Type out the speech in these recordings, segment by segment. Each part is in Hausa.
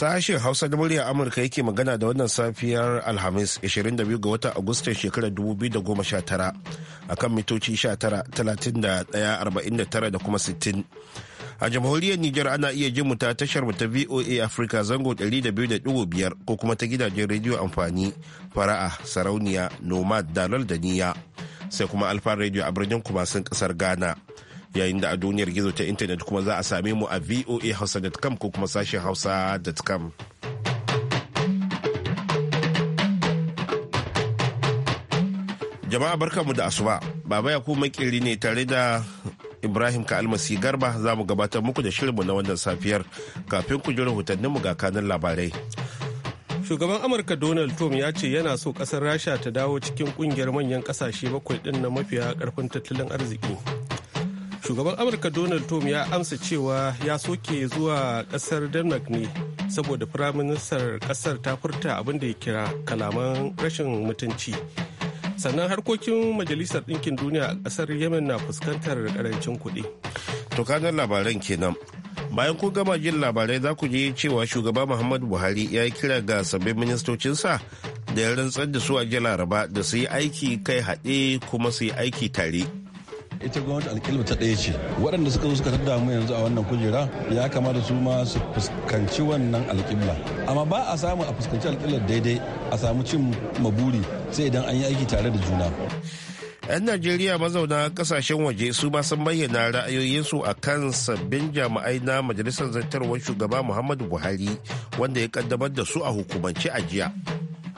Sashen Hausa da murya Amurka yake magana da wannan safiyar Alhamis 22 ga watan Agustan shekarar 2019 kan mitoci 19,31,49 da kuma 60. a jamhuriyar Nijar ana iya jin mu ta tashar mu ta VOA Africa zango 200.5 ko kuma ta gidajen rediyo amfani fara'a sarauniya nomad dalal da niya sai kuma alfa rediyo a birnin kumasin kasar Ghana. yayin da a duniyar gizo ta intanet kuma za a same mu a voahausa.com ko kuma sashen hausa.com. Jama'a mu da asuba, Baba Yakubu makeri ne tare da Ibrahim Ka'almasi Garba za mu gabatar muku da shirinmu na wannan safiyar kafin ku ji rahotanninmu ga kanan labarai. Shugaban Amurka Donald Trump ya ce yana so ƙasar Rasha ta dawo cikin kungiyar manyan kasashe bakwai din na mafiya karfin tattalin arziki. shugaban amurka donald trump ya amsa cewa ya soke zuwa kasar denmark ne saboda firaministar kasar ta furta abin da ya kira kalaman rashin mutunci sannan harkokin majalisar ɗinkin duniya a ƙasar yemen na fuskantar ƙarancin kuɗi to kanan labaran kenan bayan ku gama jin labarai za ku je cewa shugaba muhammadu buhari ya yi kira ga sabbin ministocinsa da ya rantsar da su a jiya laraba da su yi aiki kai haɗe kuma su yi aiki tare ita gwamnati alƙilma ta ɗaya ce waɗanda suka zo suka tada mu yanzu a wannan kujera ya kamata su ma su fuskanci wannan alƙibla amma ba a samu a fuskanci alƙiblar daidai a samu cin maburi sai idan an yi aiki tare da juna 'yan najeriya mazauna kasashen waje su ma sun bayyana ra'ayoyinsu a kan sabbin jami'ai na majalisar zartarwar shugaba muhammadu buhari wanda ya kaddamar da su a hukumance a jiya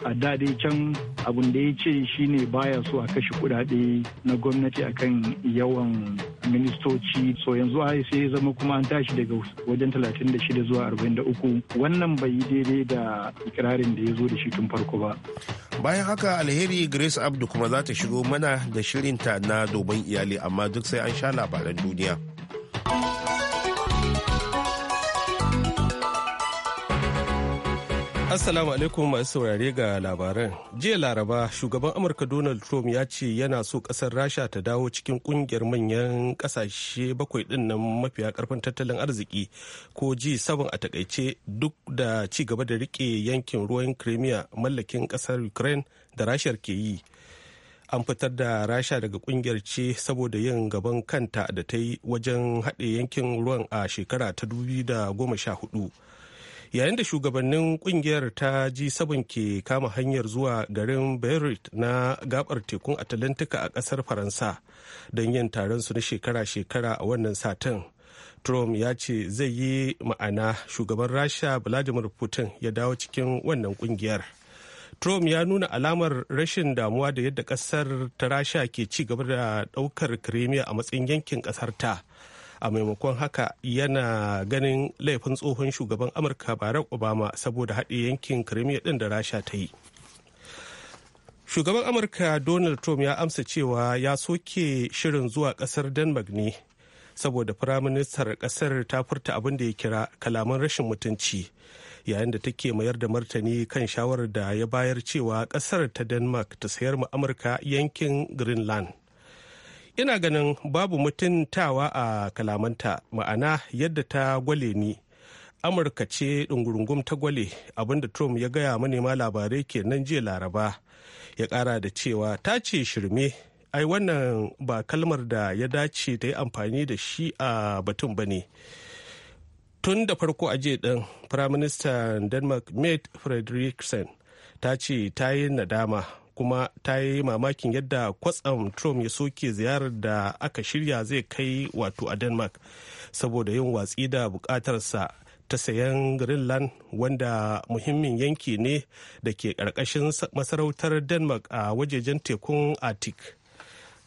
a dade can abin da ya ce shi ne baya so a kashe kudade na gwamnati akan yawan ministoci so yanzu a sai ya zama kuma an tashi daga wajen 36 zuwa 43 wannan bai yi daidai da ikirarin da ya zo da shi tun farko ba bayan haka alheri grace abdu kuma za ta shigo mana da shirinta na domin iyali amma duk sai an sha labaran duniya Assalamu alaikum masu saurare ga labaran. Jiya Laraba, shugaban Amurka Donald Trump ya ce yana so kasar Rasha ta dawo cikin kungiyar manyan kasashe bakwai din nan mafiya karfin tattalin arziki ko ji sabon a takaice duk da ci gaba da rike yankin ruwan Crimea mallakin kasar Ukraine da Rashar ke yi. An fitar da Rasha daga kungiyar ce saboda yin gaban kanta da ta yi wajen haɗe yankin ruwan a shekara ta 2014. yayin da shugabannin kungiyar ta ji sabon ke kama hanyar zuwa garin beirut na gabar tekun atalantika a kasar faransa don yin taron su na shekara-shekara a wannan satin trump ya ce zai yi ma'ana shugaban rasha vladimir putin ya dawo cikin wannan kungiyar trump ya nuna alamar rashin damuwa da yadda kasar ta rasha ke ci gaba da daukar crimea a matsayin yankin kasar ta a maimakon haka yana ganin laifin tsohon shugaban amurka barack obama saboda haɗe yankin kirimiya ɗin da rasha ta yi shugaban amurka donald trump ya amsa cewa ya soke shirin zuwa ƙasar denmark ne saboda firaministar ƙasar ta furta abin da ya kira kalaman rashin mutunci yayin da take mayar da martani kan shawarar da ya bayar cewa ƙasar ta denmark ta sayar mu amurka yankin greenland ina ganin babu mutuntawa a kalamanta ma'ana yadda ta gwale ni amurka ce ɗungurungum ta gwale abinda trump ya gaya manema labarai kenan jiya laraba ya ƙara da cewa ta ce shirme ai wannan ba kalmar da ya dace ta yi amfani da shi a batun ba ne tun da farko a jiya ɗin firaministan denmark mate frederiksen ta ce ta yi nadama kuma ta yi mamakin yadda kwatsam trump ya soke ziyarar da aka shirya zai kai wato a denmark saboda yin watsi da bukatarsa ta sayan greenland wanda muhimmin yanki ne da ke karkashin masarautar denmark a wajejen tekun arctic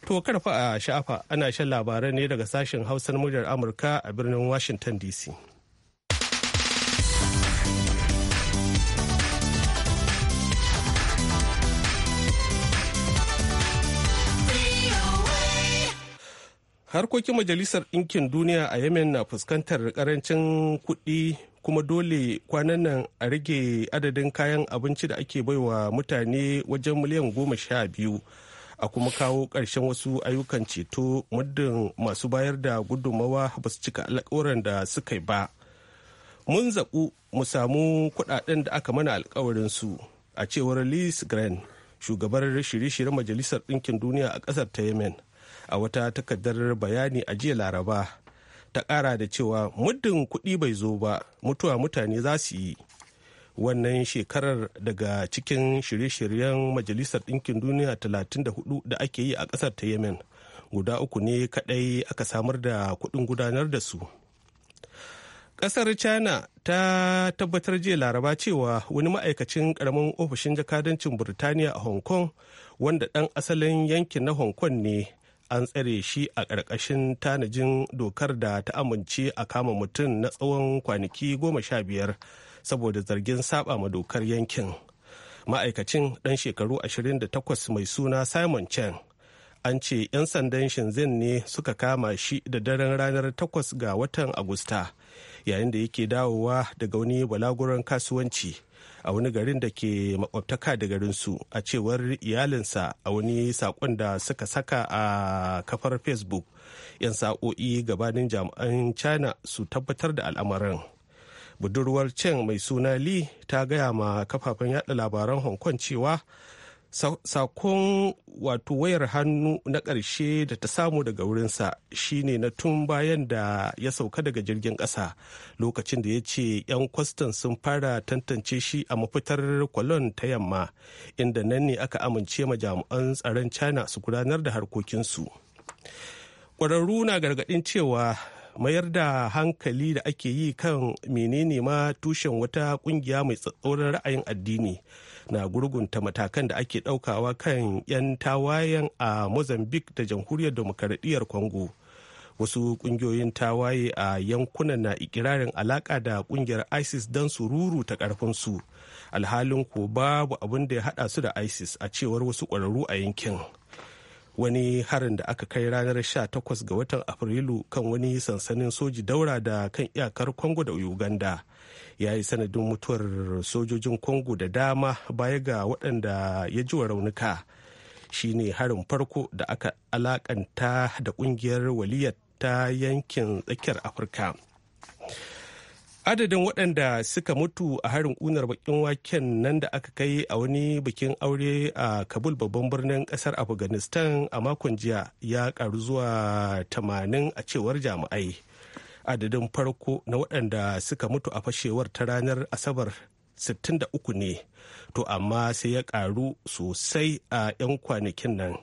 to karfa a shafa ana shan labarai ne daga sashen hausar muryar amurka a birnin washington dc harkokin majalisar ɗinkin duniya a yemen na fuskantar karancin kuɗi kuma dole kwanan nan a rage adadin kayan abinci da ake baiwa mutane wajen miliyan goma sha biyu a kuma kawo ƙarshen wasu ayyukan ceto muddin masu bayar da gudummawa ba su cika alƙawuran da suka yi ba mun zaɓu mu samu kuɗaɗen da aka mana alkawarin su a cewar liz grant shugabar shirye-shiryen majalisar ɗinkin duniya a ƙasar ta yemen a wata takardar bayani a jiya laraba ta kara da cewa muddin kuɗi bai zo ba mutuwa mutane za su yi wannan shekarar daga cikin shirye-shiryen majalisar ɗinkin duniya 34 da ake yi a ƙasar ta yemen guda uku ne kaɗai aka samar da kuɗin gudanar da su ƙasar china ta tabbatar jiya laraba cewa wani ma'aikacin ƙaramin ofishin jakadancin burtaniya a hong kong wanda ɗan asalin yankin na hong kong ne an tsare shi a ƙarƙashin tanajin dokar da ta amince a kama mutum na tsawon kwanaki goma sha biyar saboda zargin saɓa ma dokar yankin ma'aikacin ɗan shekaru 28 mai suna simon chen an ce 'yan sandan shinzin ne suka kama shi da daren ranar 8 ga watan agusta yayin da yake dawowa daga wani balaguran kasuwanci a wani garin da ke makwabtaka da garinsu a cewar iyalinsa a wani sakon da suka saka a kafar facebook 'yan sa'o'i gabanin jami'an china su tabbatar da al'amarin budurwar chen mai suna li ta gaya ma kafafen yada labaran hong kong cewa sakon wato wayar hannu na ƙarshe da ta samu daga wurinsa shine na tun bayan da ya sauka daga jirgin ƙasa lokacin da ya ce 'yan kwastan sun fara tantance shi a mafitar kwalon ta yamma inda nan ne aka amince ma jami'an tsaron china su gudanar da harkokinsu ƙwararru na gargaɗin cewa mayar da hankali da ake yi kan menene ma tushen wata ƙungiya mai tsatsauran ra'ayin addini na gurgunta matakan da ake ɗaukawa kan 'yan tawayen a mozambique da jamhuriyar demokaradiyyar congo wasu ƙungiyoyin tawaye a yankunan na ikirarin alaƙa da ƙungiyar isis don su ta ƙarfinsu alhalin ko babu abin da ya haɗa su da isis a cewar wasu kwararru a yankin wani harin da aka kai ranar 18 ga watan afrilu kan wani sansanin soji daura da kan iyakar congo da uganda ya yi sanadin mutuwar sojojin Kongo da dama baya ga waɗanda ya ji wa raunuka ne harin farko da aka alakanta da ƙungiyar waliyar ta yankin tsakiyar afirka adadin waɗanda suka mutu a harin ƙunar bakin waken nan da aka kai a wani bikin aure a kabul babban birnin ƙasar afghanistan a makon jiya ya karu zuwa 80 a cewar jami'ai adadin farko na waɗanda suka mutu a fashewar ta ranar asabar 63 ne to amma sai ya karu sosai a 'yan kwanakin nan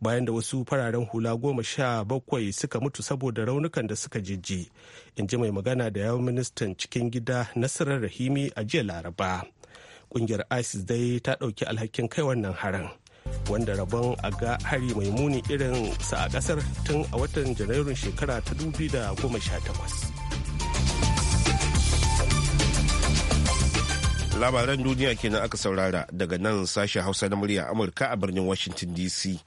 bayan da wasu fararen hula goma sha bakwai suka mutu saboda raunukan da suka jijji in ji mai magana da yawon ministan cikin gida nasarar rahimi a jiya laraba kungiyar isis dai ta ɗauki alhakin kai wannan haran wanda rabon a ga hari mai muni irin sa a ƙasar tun a watan janairun shekara ta goma sha 2018 labaran duniya kenan aka saurara daga nan sashen hausa na murya amurka a birnin washington dc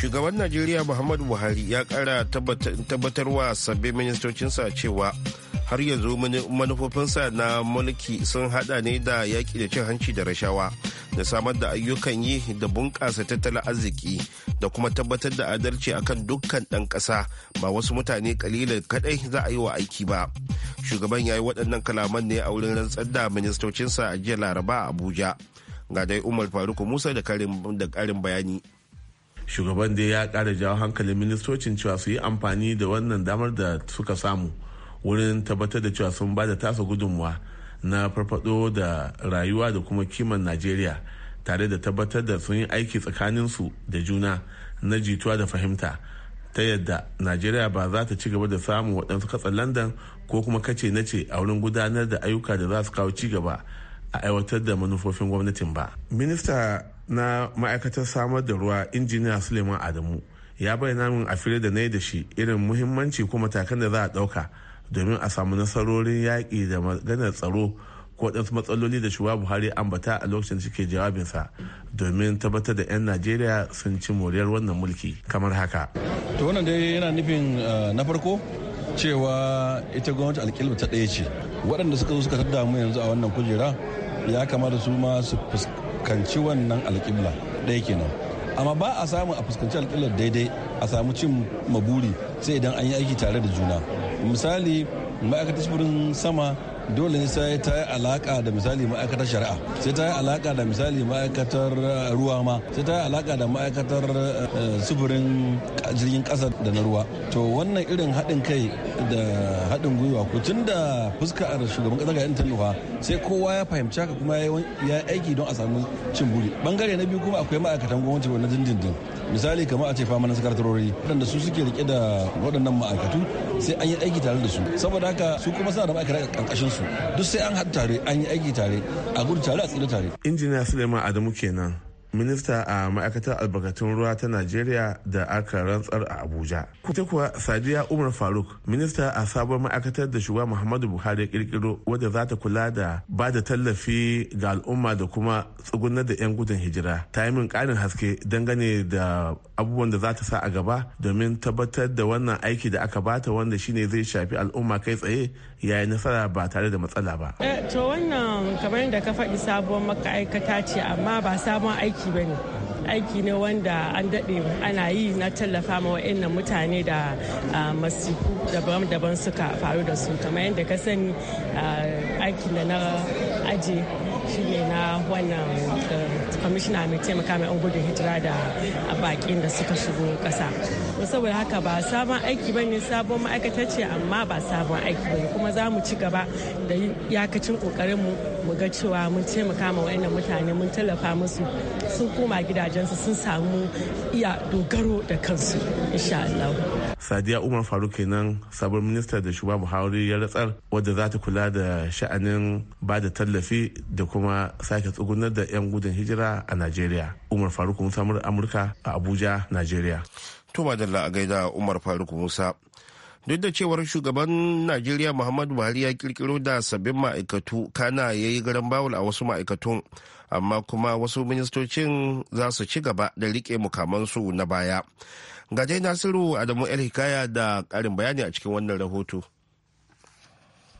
Shugaban Najeriya Muhammadu Buhari ya kara tabbatarwa sabbin ministocinsa cewa har yanzu manufofinsa na mulki sun hada ne da yaƙi da cin hanci da rashawa da samar da ayyukan yi da bunƙasa tattalin arziki da kuma tabbatar da adalci akan dukkan ɗan ƙasa ba wasu mutane ƙalilan kaɗai za a yi wa aiki ba shugaban ya yi waɗannan kalaman ne a wurin rantsar da ministocinsa a jiya laraba a abuja ga dai umar faruk musa da karin bayani shugaban dai ya kara jawo hankalin ministocin cewa su yi amfani da wannan damar da suka samu wurin tabbatar da cewa sun ba da tasa gudunmuwa na farfado da rayuwa da kuma kiman najeriya tare da tabbatar da sun yi aiki tsakaninsu da juna na jituwa da fahimta ta yadda najeriya ba za ta ci gaba da samun waɗansu katsan landan ko kuma kace na ce a wurin gudanar da ayyuka da za su kawo ci gaba a aiwatar da manufofin gwamnatin ba minista na ma'aikatar samar da ruwa injiniya suleiman adamu ya bayyana min a fili da na da shi irin muhimmanci ko matakan da za a ɗauka domin a samu nasarorin yaƙi da maganar tsaro waɗansu matsaloli da shugaba buhari ambata a lokacin da suke jawabinsa domin tabbatar da 'yan najeriya sun ci moriyar wannan mulki kamar haka to wannan dai yana nufin eh, na farko cewa ita gwamnati alƙilma ta ɗaya ce waɗanda suka zo suka ta mu yanzu a wannan kujera ya kamata su ma su fuskanci wannan alƙibla ɗaya kenan amma ba a samu a fuskanci alƙiblar daidai a samu cin maburi sai idan an yi aiki tare da juna misali ma'aikatar sufurin sama dole ne sai ta yi alaka da misali ma'aikatar shari'a sai ta yi alaka da misali ma'aikatar eh, ruwa ma sai ta yi alaka da ma'aikatar eh, sufurin jirgin kasa da na ruwa to wannan irin haɗin kai da haɗin gwiwa ko tun da fuskar shugaban kasa ga yantar nufa sai kowa ya fahimci haka kuma ya aiki don a samu cin buri bangare na biyu kuma akwai ma'aikatan gwamnati na dindindin misali kamar a ce fama na sakatarori waɗanda su suke rike da waɗannan ma'aikatu sai an yi aiki tare da su saboda haka su kuma suna da ma'aikata ƙarƙashin su su duk sai an haɗu tare an yi aiki tare a gudu tare a tsira tare. injiniya suleiman adamu kenan minista a ma'aikatar albarkatun ruwa ta najeriya da aka rantsar a abuja kuta kuwa sadiya umar faruk minista a sabon ma'aikatar da shugaba muhammadu buhari kirkiro wadda za ta kula da ba da tallafi ga al'umma da kuma tsugunar da 'yan gudun hijira ta yi min karin haske dangane da abubuwan da za ta sa a gaba domin tabbatar da wannan aiki da aka bata wanda shine zai shafi al'umma kai tsaye ya yi nasara ba tare da matsala ba. Eh, to wannan kamar yadda ka faɗi sabuwar ma'aikata ce amma ba sabon aiki ba ne aiki ne wanda an daɗe ana yi na tallafa ma wa'in mutane da ah, masifu daban-daban suka faru da su kamar yadda ka sani ah, aikin da na aje shi ne na wannan kwamishina eh, mai taimaka mai 'yan gudun hijira da bakin da suka shigo kasa saboda haka ba sabon aiki ba ne sabon ma'aikata ce amma ba sabon aiki ba ne kuma za mu ci gaba da yakacin kokarinmu mu ga cewa mun taimaka ma wayannan mutane mun tallafa musu sun koma gidajensu sun samu iya dogaro da kansu insha Allah. sadiya umar faruk kenan sabon minista da shugaba buhari ya ratsar wadda za ta kula da sha'anin ba da tallafi da kuma sake tsugunar da 'yan gudun hijira a najeriya umar faruk musa amurka a abuja najeriya to ba da a gaida umar faruk musa duk da cewar shugaban najeriya muhammad buhari ya kirkiro da sabbin ma'aikatu kana ya yi garan bawul a wasu ma'aikatun amma kuma wasu ministocin za su ci gaba da rike mukamansu na baya gajai nasiru adamu el hikaya da karin bayani a cikin wannan rahoto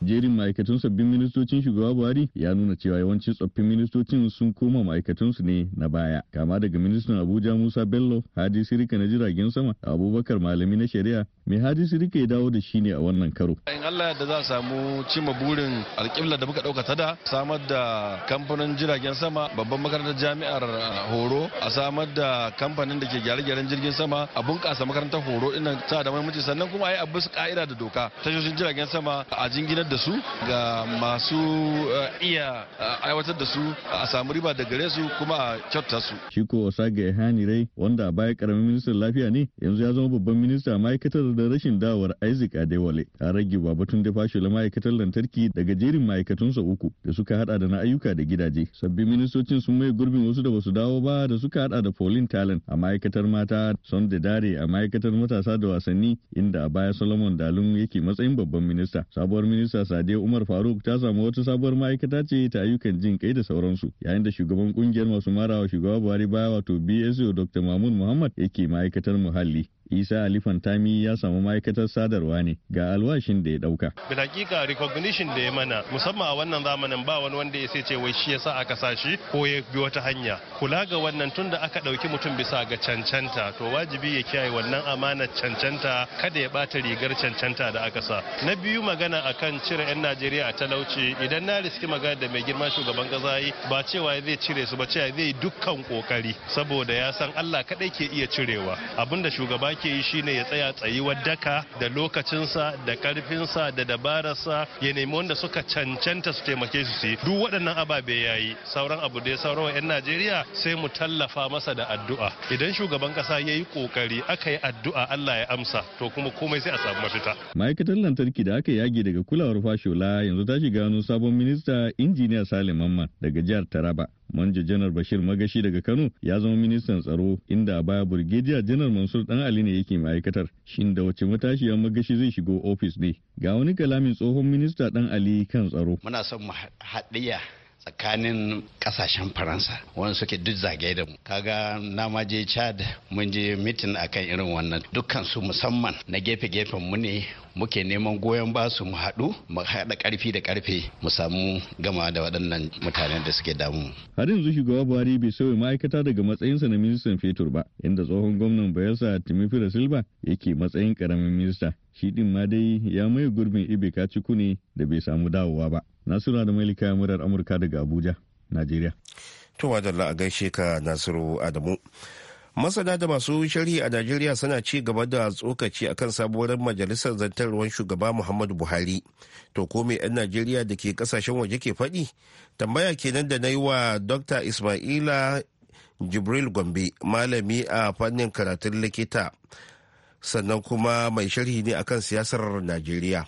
jerin ma'aikatan sabbin ministocin shugaba buhari ya nuna cewa yawancin tsoffin ministocin sun koma ma'aikatansu ne na baya kama daga ministan abuja musa bello hadi sirika na jiragen sama abubakar malami na shari'a mai su rike dawo da shi ne a wannan karo. in allah yadda za a samu cimma burin alƙibla da muka ɗauka ta da samar da kamfanin jiragen sama babban makarantar jami'ar uh, horo a samar da kamfanin da ke gyare-gyaren jirgin sama a bunƙasa makarantar horo ina ta da muhimmanci sannan kuma a yi abu ka'ida da doka tashoshin jiragen sama a jinginar da su ga masu uh, iya uh, aiwatar da su a samu riba da gare su kuma a kyauta su. shi Shiko Osage Hani Rai wanda a baya karamin ministan lafiya ne yanzu ya zama babban minista ma'aikatar da rashin dawar Isaac Adewale a rage Babatun da ma'aikatar lantarki daga jerin ma'aikatunsa uku da suka hada da na ayyuka da gidaje. Sabbin ministocin sun mai gurbin wasu da basu dawo ba da suka hada da Pauline Talent a ma'aikatar mata son da dare a ma'aikatar matasa da wasanni inda a baya Solomon Dalun yake matsayin babban minista. Sabuwar minista Sadiya Umar Faruk ta samu wata sabuwar ma'aikata ce ta ayyukan jin kai da sauransu yayin da shugaban kungiyar masu marawa shugaba Buhari baya wato BSO Dr. Mahmud Muhammad yake ma'aikatar muhalli. isa tami ya samu ma'aikatar sadarwa ne ga alwashin da ya dauka hakika recognition da ya mana musamman a wannan zamanin ba wani wanda ya sai ce wai shi yasa aka sa shi ko ya bi wata hanya kula ga wannan tun da aka dauki mutum bisa ga cancanta to wajibi ya kiyaye wannan amanar cancanta kada ya bata rigar cancanta da aka sa na biyu magana akan cire 'yan najeriya a talauci idan na riski magana da mai girma shugaban kasa yi ba cewa zai cire su ba cewa zai dukkan kokari saboda ya san allah kadai ke iya cirewa abinda shugaba yake yi shine ya tsaya tsayuwar daka da lokacinsa da karfinsa da dabararsa ya nemi wanda suka cancanta su taimake su su duk waɗannan ababe ya yi sauran abu da ya sauran 'yan najeriya sai mu tallafa masa da addu'a idan shugaban ƙasa ya yi kokari aka yi addu'a allah ya amsa to kuma komai sai a samu mafita ma'aikatar lantarki da aka yage daga kulawar fashola yanzu ta shiga wani sabon minista injiniya salim mamman daga jihar taraba manja janar bashir magashi daga kano ya zama ministan tsaro inda a baya burgediya janar mansur dan ali ne yake ma'aikatar shin da wace matashiyar magashi zai shigo ofis ne ga wani kalamin tsohon minista dan ali kan tsaro muna son mu haɗiya tsakanin kasashen faransa wani suke duk zagaye da mu kaga na ma je chad mun je mitin akan irin wannan dukkan su musamman na gefe gefen mu ne muke neman goyon basu mu haɗu mu haɗa ƙarfi da karfe mu samu gama da waɗannan mutanen da suke damu har yanzu shugaba buhari bai sauya ma'aikata daga matsayinsa na ministan fetur ba inda tsohon gwamnan bayelsa da silva yake matsayin karamin minista shi ɗin ma dai ya maye gurbin ibe kaciku ne da bai samu dawowa ba Nasura da Malika murar Amurka daga Abuja, Najeriya. Tuwa da a gaishe ka Nasiru Adamu. Masana da masu sharhi a Najeriya suna ci gaba da tsokaci akan sabuwar majalisar zantarwar shugaba Muhammadu Buhari. To ko 'yan Najeriya da ke kasashen waje ke faɗi? Tambaya kenan da na yi wa Dr. Ismaila Jibril Gombe, malami a fannin karatun likita, sannan kuma mai sharhi ne akan siyasar Najeriya.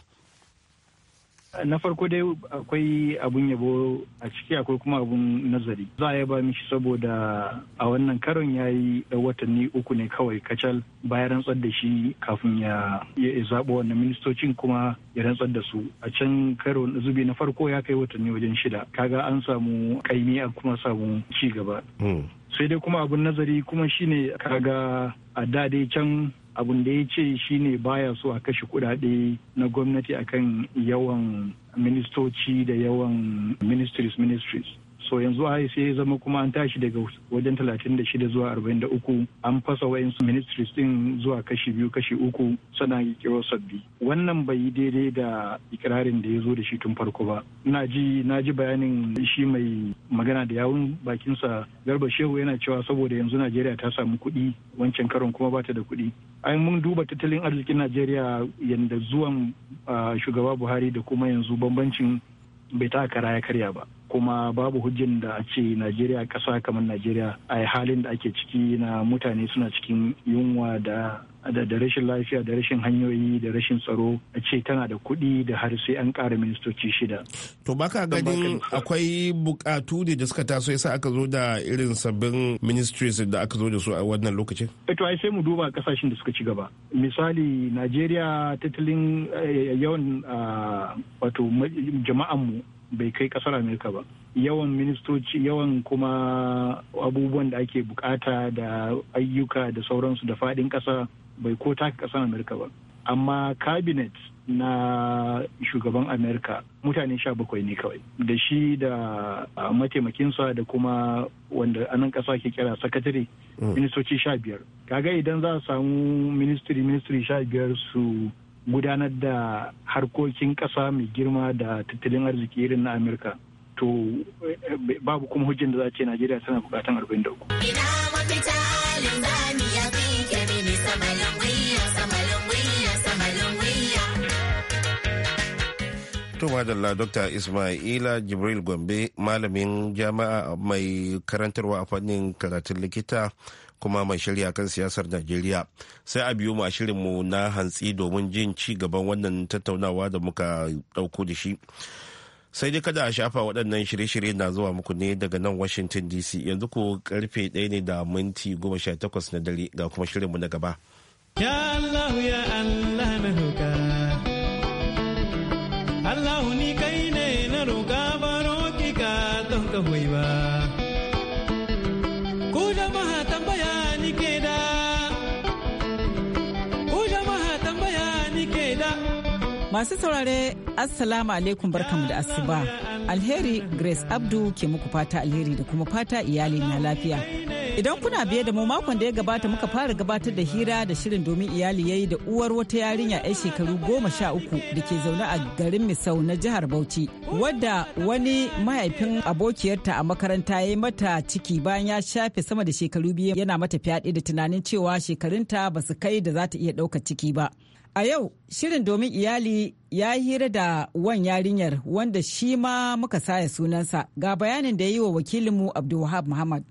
na farko dai akwai abun yabo a ciki akwai kuma abun nazari za a yaba mishi saboda a wannan karon ya yi watanni uku ne kawai kacal bayan rantsar da shi kafin ya zaɓa wannan ministocin kuma ya rantsar da su a can karo zubi na farko ya kai watanni wajen shida kaga an samu kaimi a kuma samu ci gaba hmm. sai dai kuma abun nazari kuma shine kaga a da dai can abun da ya ce shine baya so a kashe kudade na gwamnati akan yawan ministoci da yawan ministries ministries so yanzu a sai zama kuma an tashi daga wajen 36 zuwa 43 an fasa wayan su ministries din zuwa kashi biyu kashi uku sana kiro sabbi wannan bai yi daidai da ikirarin da ya zo da shi tun farko ba na ji na ji bayanin shi mai magana da yawun bakinsa garba shehu yana cewa saboda yanzu najeriya ta samu kuɗi wancan karon kuma bata da kuɗi an mun duba tattalin arzikin najeriya yanda zuwan ah, shugaba buhari da kuma yanzu bambancin bai ta kara ya karya ba kuma babu hujjan da a ce najeriya kasa kamar najeriya a halin da ake ciki na mutane suna cikin yunwa da da rashin lafiya da rashin hanyoyi da rashin tsaro a ce tana da kuɗi da har sai an ƙara ministoci shida. To baka ganin akwai bukatu ne da suka taso yasa aka zo da irin sabbin ministries da aka zo da su a wannan lokacin? Eh, to ai sai mu duba kasashen da suka ci gaba. Misali Najeriya tattalin eh, yawan ah, wato jama'an mu bai kai kasar amerika ba yawan ministoci yawan kuma abubuwan da ake bukata da ayyuka da sauransu da fadin kasa bai ko taka kasar amerika ba amma Kabinet na shugaban amerika mutane sha bakwai ne kawai da shi da mataimakinsa da kuma wanda anan kasa ke kira sakatare mm. ministoci sha biyar kaga idan za a samu ministry ministry sha biyar su gudanar da harkokin ƙasa mai girma da tattalin arziki irin na amurka to babu kuma hujjan da za a ce najeriya tana bukatan 43 to madalla dr ismaila jibril gombe malamin Jama'a mai karantarwa a fannin karatun likita kuma mai shirya kan siyasar najeriya sai a biyo mu a shirinmu na hantsi domin jin ci gaban wannan tattaunawa da muka ɗauko da shi sai dai kada a shafa waɗannan shirye-shirye na zuwa muku ne daga nan washington dc yanzu ko karfe ɗaya ne da minti goma sha takwas na dare ga kuma shirinmu na gaba ya ya allah na Masu saurare Assalamu alaikum barkamu da asuba. Alheri Grace Abdu ke muku fata alheri da kuma fata iyali na lafiya. Idan kuna biye da mu makon da ya gabata muka fara gabatar da hira da shirin domin iyali ya yi da uwar wata yarinya 'yan shekaru goma sha uku da ke zaune a garin Misau na jihar Bauchi. Wadda wani mahaifin abokiyarta a makaranta ya yi mata ciki bayan ya shafe sama da shekaru biyu yana mata fyaɗe da tunanin cewa shekarunta ba su kai da za ta iya ɗaukar ciki ba. A yau shirin domin iyali ya hira da wan yarinyar wanda shi ma muka saya sunansa ga bayanin da ya yi wa wakilinmu Abdulwahab Muhammad.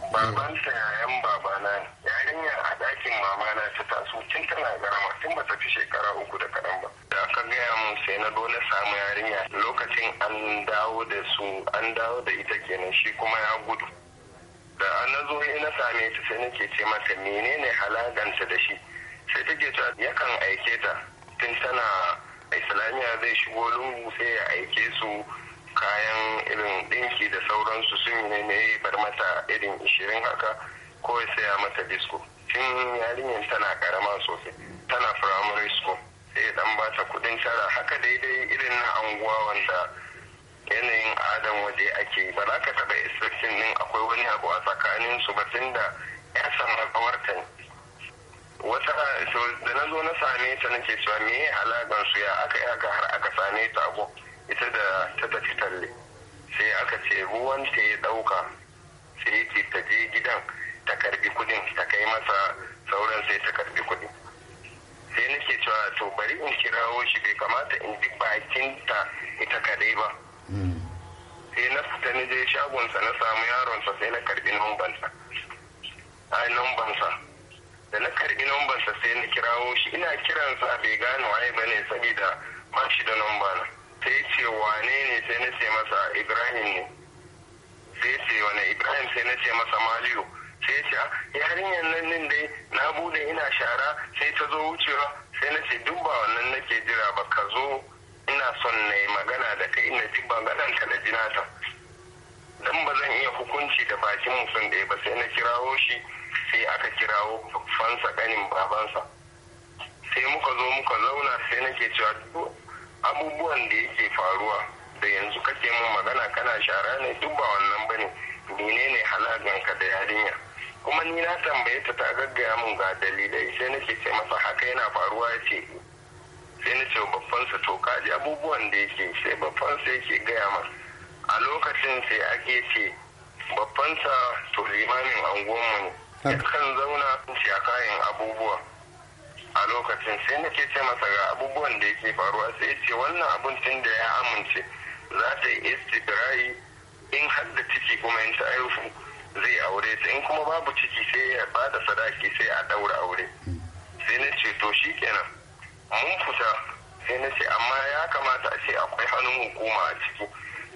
sa yayan babana yarinya a ɗakin mamana ta taso tun tana garama tun ba ta fi shekara uku da kaɗan ba. Da aka gaya mun sai na dole samu yarinya lokacin an dawo da su an dawo da ita kenan shi kuma ya gudu. Da an na zo na same ta sai nake ce mata menene halaganta da shi. Sai ta cewa yakan aike ta tun tana islamiyya zai shigo lungu sai ya aike su kayan irin dinki da sauransu sun ne ne bar mata irin ishirin haka ko ya saya mata disko tun yarinyar tana karama sosai tana firamare school sai dan ba ta kudin tara haka daidai irin na anguwa wanda yanayin adam waje ake ba za ka taɓa expectin din akwai wani abu a tsakanin su ba tun da ya samu kawarta wata da na zo na same ta nake cewa me ya alaƙar ya aka yi haka har aka same ta abu ita da ta tafi talle sai aka ce ruwan ta ya ɗauka sai yake ta je gidan ta karbi kudin ta kai masa sauran sai ta karbi kudin sai nake cewa to bari in kirawo shi bai kamata in bi bakinta ita kadai ba hmm. sai na fita ni je shagonsa na samu yaron sa sai na karbi ai numban sa da na karbi sa sai na kirawo shi ina kiransa bai gane waye bane saboda ba shi da numba na sai ce wane ne sai na ce masa ibrahim ne sai ce wane ibrahim sai na ce masa maliyu sai ce ah, yarinyar nan dai na bude ina shara sai ta zo wucewa sai na ce duk ba wannan nake jira ba ka zo ina son na yi magana da kai ina ji ta da jinata dan ba zan iya hukunci da bakin mutum ɗaya ba sai na kirawo shi sai aka kirawo fansa ƙanin babansa sai muka zo muka zauna sai nake cewa abubuwan da yake faruwa da yanzu kake mun magana kana shara ne duk ba wannan ba ne menene halaganka da yarinya kuma ni na tambaye ta ta gaggaya mun ga dalilai sai nake ce masa haka yana faruwa ya ce sai na ce babbansa to kaji abubuwan da yake sai babbansa yake gaya ma a lokacin sai ake ce babbansa to limamin anguwanmu ne kan zauna shi a kayan abubuwa a lokacin sai nake ce masa ga abubuwan da yake faruwa sai ce wannan abun tun da ya amince za ta yi istibirai in har da ciki kuma in ta haihu zai aure ta in kuma babu ciki sai ya bada sadaki sai a ɗaura aure sai na ce to shi kenan mun fita sai na ce amma ya kamata a ce akwai hannun hukuma a ciki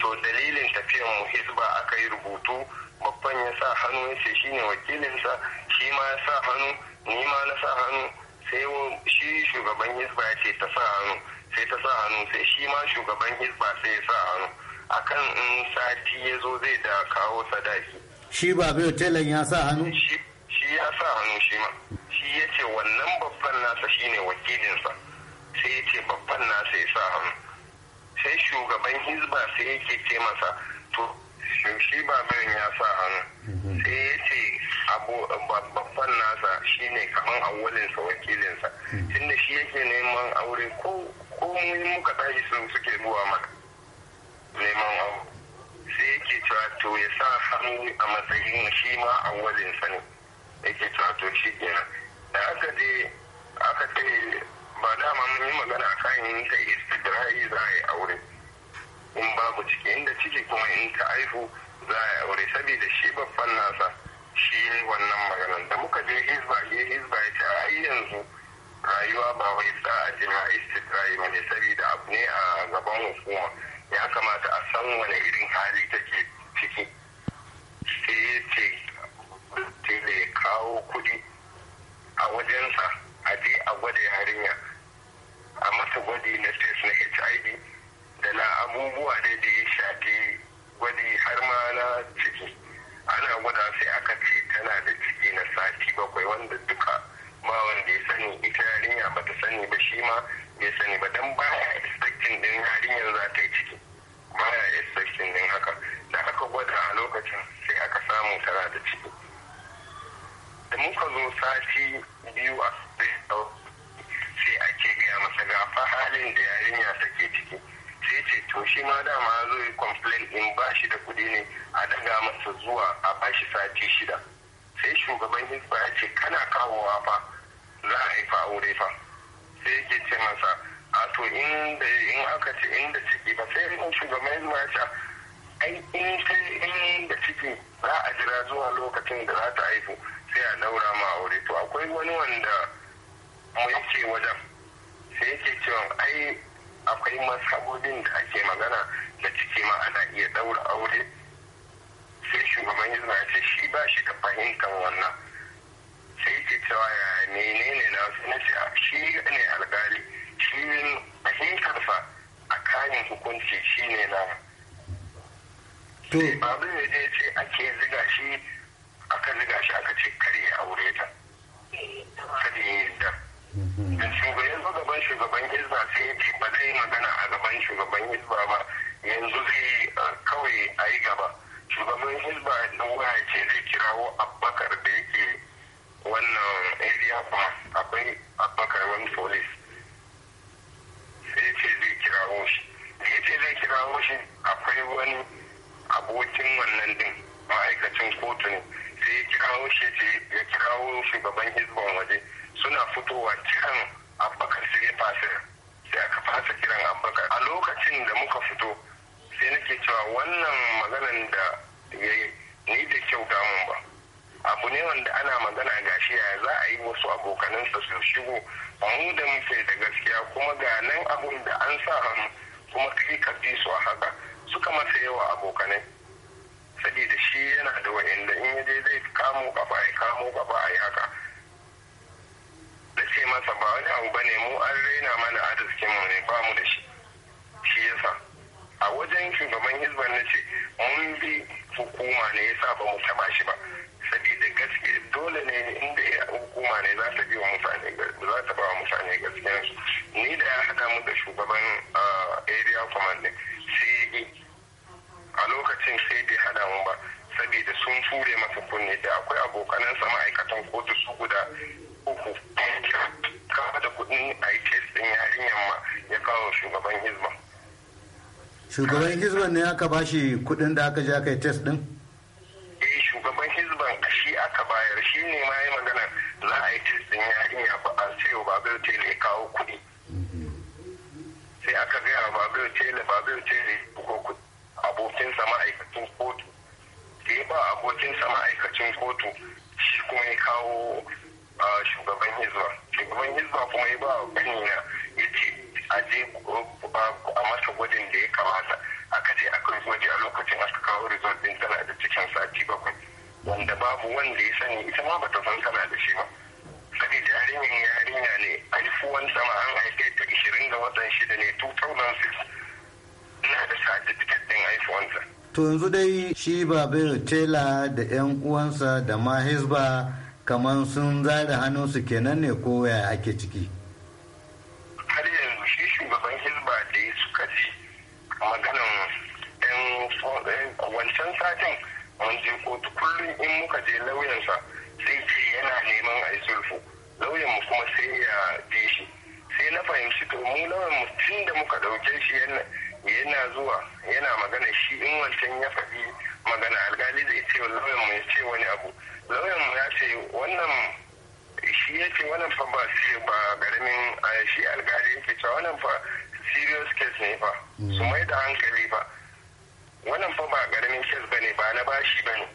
to dalilin tafiyar mu hisba aka yi rubutu babban ya sa hannu ya ce shine wakilinsa shi ma ya sa hannu ni ma na sa hannu sai shi shugaban hisba ya ce ta sa hannu sai ta sa hannu sai shi ma shugaban hisba sai ya sa hannu akan in sati ya zo zai da kawo sadaki shi ba bai telan ya sa hannu shi ya sa hannu shi ma shi ya ce wannan babban nasa shi ne wakilinsa sai ya ce babban nasa ya sa hannu sai shugaban hisba sai yake ce masa to shi babirin ya sa hannu sai ya ce babban nasa shine kaman awalinsa wakilinsa inda shi yake neman aure ko muhimmin muka tashi sun suke zuwa maka neman aure sai yake cewa to ya sa hannu a matsayin shi ma awalinsa ne yake cewa to shi kenan da aka je aka ce ba dama mun yi magana kan yin ta istidrai za a yi aure in babu ciki inda ciki kuma in ka aihu za a aure saboda shi babban nasa shi ne wannan maganar da muka je hizba ya hizba ya ce a yanzu rayuwa ba wai sa a jina a istitrai ba ne saboda abu ne a gaban hukuma ya kamata a san wani irin hali take ciki sai ya ce da ya kawo kuɗi a wajensa a je a gwada yarinya a masa gwadi na mu yake wajen sai yake cewa ai akwai masabobin da ake magana da ciki ma ana iya daura aure sai shugaban hizba ya ce shi ba shi da fahimtar wannan sai yake cewa ya ne na wasu na ce shi ne alkali shi fahimtarsa a kanin hukunci shi ne na babu ne zai ce ake ziga shi aka ziga shi aka ce kare aure ta da Mm-hmm. da shugaban gaban shugaban hizba sai ya ce ba zai yi magana a gaban shugaban hizba ba yanzu zai uh, kawai a yi gaba shugaban hizba na waya ce zai kirawo abbakar da yake wannan area ba akwai abbakar wani police sai ya ce zai kirawo shi da ya ce zai kirawo shi akwai wani abokin wannan din ma'aikacin kotu ne sai ya kirawo shi ya kirawo shugaban hizbon waje suna fitowa kiran abbakar sai ya fasa sai aka fasa kiran abbakar a lokacin da muka fito sai nake cewa wannan maganan da ya yi ni da kyau damun ba abu ne wanda ana magana gashi ya za a yi wasu abokanansa su shigo mu da muke da gaskiya kuma ga nan abun da an sa hannu kuma kai ka bi su a haka suka masa yawa abokanai saboda shi yana da wa'inda in ya je zai kamo kafa ya kamo kafa a yi haka da ce masa ba wani abu ba ne mu an raina mana arzikin mu ne ba mu da shi shi sa a wajen shugaban hizban na ce mun bi hukuma ne ya sa ba mu taba shi ba saboda gaske dole ne inda hukuma ne za ta biyo mutane za ta ba mutane ni da ya haɗa mu da shugaban ah, area commanding sai ne da akwai abokanansa ma'aikatan kotu su guda uku kama da kudin aites din yarin yamma ya kawo shugaban hizba shugaban hizban ne aka bashi kudin da aka ja kai test din eh shugaban hizban shi aka bayar shi ne ma yi magana za a yi test din yarin ya ba a sayo babel tele ya kawo kudi sai aka gaya babel tele babel tele ko kudi abokinsa ma'aikata sa ma'aikacin kotu shi kuma ya kawo shugaban hizba shugaban hizba kuma ya ba kanina ya ce a je a masa gwajin da ya kamata aka je aka gwaji a lokacin aka kawo result din tana da cikin sati bakwai wanda babu wanda ya sani ita ma bata san tana da shi ba saboda yarinyar yarinya ne alifuwan sama an haife ta ishirin ga watan shida ne 2006 na da certificate din sa. to yanzu dai shi babir tela da 'yan uwansa da ma kaman kamar sun zare hannunsu kenan ne ko ya ake ciki har yanzu shi shugaban hisba da ya suka ji maganan 'yan wancan satin mun je kotu kullum in muka je lauyansa sai ce yana neman a yi sulfu lauyan mu kuma sai ya je shi sai na fahimci to mu lauyan mu tun da muka ɗauke shi yana yana zuwa yana magana shi in wancan ya faɗi magana alkali zai ce lauyan mu ya ce wani abu lauyan mu ya ce wannan shi ya ce wannan fa ba ba garamin shi alkali yake cewa wannan fa serious case ne fa mm. su mai da hankali fa wannan fa ba garamin case bane ba na bashi bane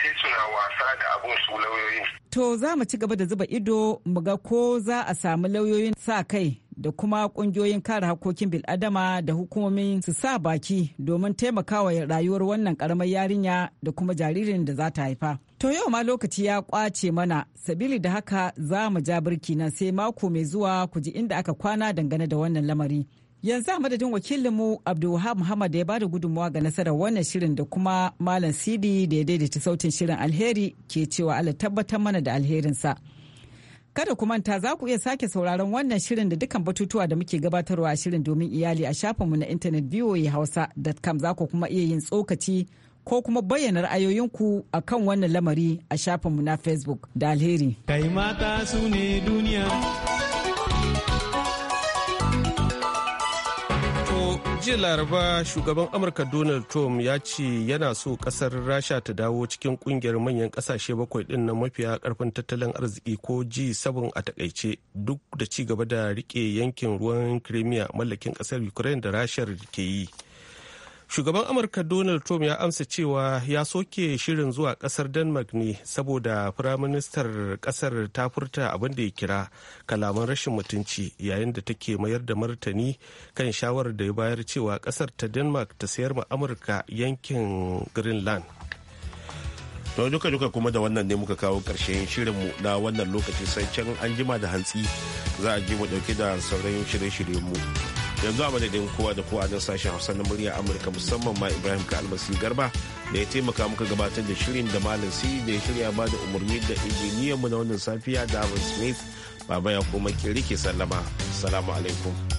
sai suna wasa da abun su lauyoyin to za mu ci gaba da zuba ido mu ga ko za a samu lauyoyin sa kai da kuma kungiyoyin kare hakokin bil'adama da hukumomin su sa baki domin taimakawa rayuwar wannan karamar yarinya da kuma jaririn da za ta haifa. To yau ma lokaci ya kwace mana sabili da haka za mu ja birki nan sai mako mai zuwa ku ji inda aka kwana dangane da wannan lamari. Yanzu a madadin wakilinmu Abdulwahab Muhammad da ya bada gudunmawa ga nasarar wannan shirin da kuma Malam Sidi da ya daidaita sautin shirin alheri ke cewa Allah tabbatar mana da alherinsa. Kada ku manta za ku iya sake sauraron wannan shirin da dukkan batutuwa da muke gabatarwa a shirin domin iyali a shafin mu na intanet voahausa.com za ku kuma iya yin tsokaci ko kuma bayyana ra'ayoyinku a kan wannan lamari a shafin mu na Facebook da alheri. Kai mata su ne duniya. jiya laraba shugaban amurka donald trump ya ce yana so kasar rasha ta dawo cikin kungiyar manyan kasashe bakwai din na mafiya karfin tattalin arziki ko g7 a takaice duk da ci gaba da rike yankin ruwan crimea mallakin kasar ukraine da rashar ke yi shugaban amurka donald trump ya amsa cewa ya soke shirin zuwa kasar denmark ne saboda firaministar kasar ta furta abin da ya kira kalaman rashin mutunci yayin da take mayar da martani kan shawarar da ya bayar cewa kasar ta denmark ta sayar ma amurka yankin greenland to duka duka kuma da wannan ne muka kawo karshen shirinmu na wannan lokaci sai can an jima da hantsi za a ji mu dauke da sauran shirye-shiryenmu yanzu a madadin kowa da kowa don sashen hausa na murya amurka musamman ma ibrahim ka almasi garba da ya taimaka muka gabatar da shirin da malam si da ya shirya ba da umarni da injiniyanmu na wannan safiya davin smith baba ya koma ke sallama salamu alaikum